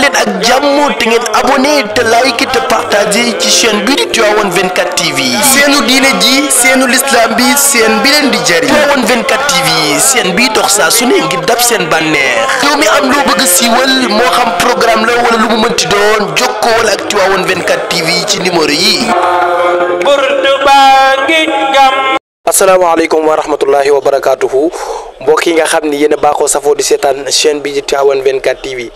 leen ak jàmm te ngeen abonné like te partagé ci chaîne bi di 24 TV seenu diine ji seenu lislaam bi seen bi leen di jëriñ 24 TV seen bi dox saa su ne dab seen bànneex yow mi am loo bëgg siiwal moo xam programme la wala lu mu mënti doon jokkool ak 24 TV ci numéro yi asalaamaaleykum wa rahmatullahi wa mbokk yi nga xam ni yéen a baaxoo safoo di seetaan chaîne bi di Tivaouane 24 TV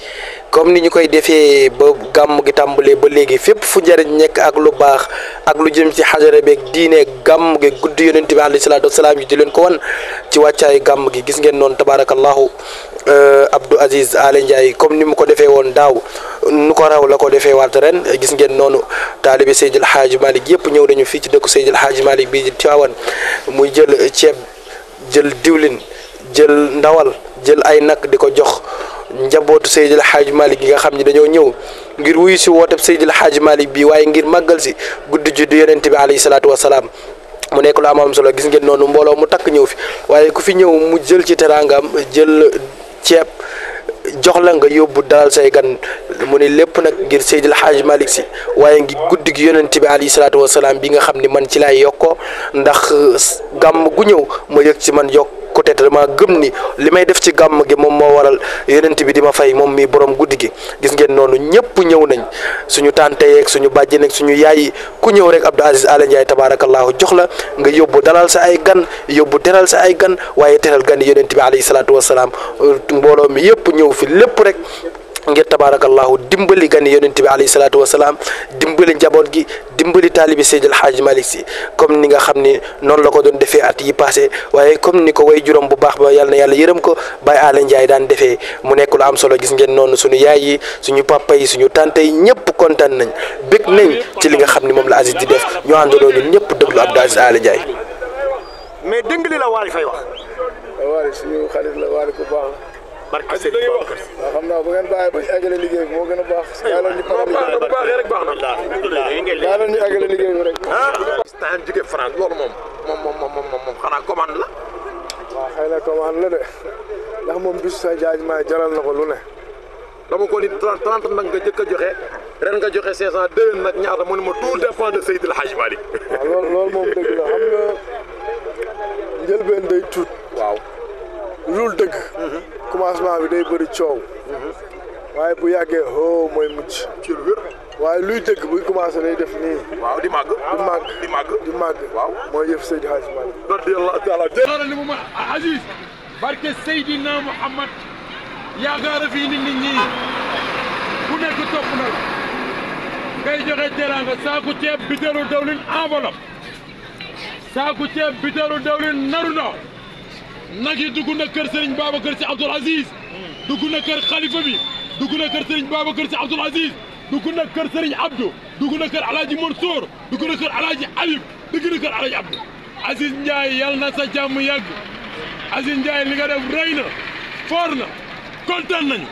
comme ni ñu koy defee ba gàmm gi tàmbalee ba léegi fépp fu njëriñ nekk ak lu baax ak lu jëm ci xajara beeg diine gàmm gi gudd yonent bi alayhi salaatu wasalaam yi di leen ko wan ci wàccaayu gàmm gi gis ngeen noonu tabaarakallahu euh, Abdou Aziz Aly Ndiaye comme ni mu ko defee woon daaw nu ko raw la ko defee waat ren gis ngeen noonu taalibe Seydil Hadji Malick yëpp ñëw nañu fii ci dëkku Seydil Hadji Malick bii di Tivaouane muy jël ceeb jël diwlin jël ndawal jël ay nag di ko jox njabootu Seydil Hadj Malick gi nga xam ni dañoo ñëw ngir wuyu si wooteeb Seydil Hadj Malick bi waaye ngir màggal si guddi juddu yonent bi alayhi salaatu wa salaam mu nekk am am gis ngeen noonu mbooloo mu takk ñëw fi waaye ku fi ñëw mu jël ci teraangam jël ceeb jox la yóbbu dalal say gan mu ne lépp nag ngir Seydil Hadj Malick si waaye ngi guddi gi yonent bi alayhi salaatu wa salaam bi nga xam ni man ci laay yokkoo ndax gàmm gu ñëw ma yëg ci man yokk. côté dama gëm ni li may def ci gàmm gi moom moo waral yonent bi di ma fay moom mi borom guddi gi gis ngeen noonu ñëpp ñëw nañ suñu tante yeeg suñu bàjj ak suñu yaay yi ku ñëw rek Abdou Aziz Alé Ndiaye tabaarakallaahu jox la nga yóbbu dalal sa ay gan yóbbu teral sa ay gan waaye teral gan yonent bi alayhi salaatu salaam mbooloo mi yëpp ñëw fi lépp rek ngir tabaarakallaahu dimbali gan yonent bi alayhi salaatu wa salaam dimbali njaboot gi dimbali taalibi Seydi El Hadji Malick Sy comme ni nga xam ne noonu la ko doon defee at yi passé waaye comme ni ko way juróom bu baax ba yàlla na yàlla yërëm ko Baye Alé Ndiaye daan defee mu nekk lu am solo gis ngeen noonu suñu yaay yi suñu papa yi suñu tante yi ñëpp kontaan nañ bég nañ ci li nga xam ne moom la Aziz di def ñu àndandoo ñun ñëpp déglu Abdou Aziz Alé Ndiaye. mais dégg li la barke Serigne Babacar xam naa bu ngeen bàyyi ba ñu àggale liggéey bi moo gën a baax yàlla ñu pare liggéey bu baaxee rek baax na yàlla ñu àggale liggéey bi rek ah stan jóge France loolu moom moom moom moom moom xanaa commande la waaw xëy na commande la de ndax moom bis sa jaaj maa jaral na ko lu ne dama ko ni trente nag nga jëkk a joxe ren nga joxe cinq cent deux nag ñaata mu ne ma tout dépend de Seydil Hadji Malick lancement bi day bëri coow. waaye bu yàggee hoo oh, mooy mucc. ci lu wér. waaye luy dëgg buy commencé lay def nii. waaw di màgg. di màgg di màgg di màgg. waaw mooy yëf Seydi Hadj Malick. radiyallahu taala. mu ma Aziz barke Seydina Muhammad yaakaar fii nekk topp na la ngay joxe teraanga saaku biteeru dawlin enveloppe saaku ceeb biteeru dawlin naru na ناكي دوكونا كر سيرين بابا كر سي عبد العزيز دوكونا كر خليفه بي دوكونا كر سيرين بابا كر سي عبد العزيز دوكونا كر سيرين عبدو دوكونا كر علاجي منصور دوكونا كر علاجي حبيب دوكونا كر علاجي عبدو عزيز نجاي يالنا سا جام ياغ عزيز نجاي لي غا ريينا فورنا كونتان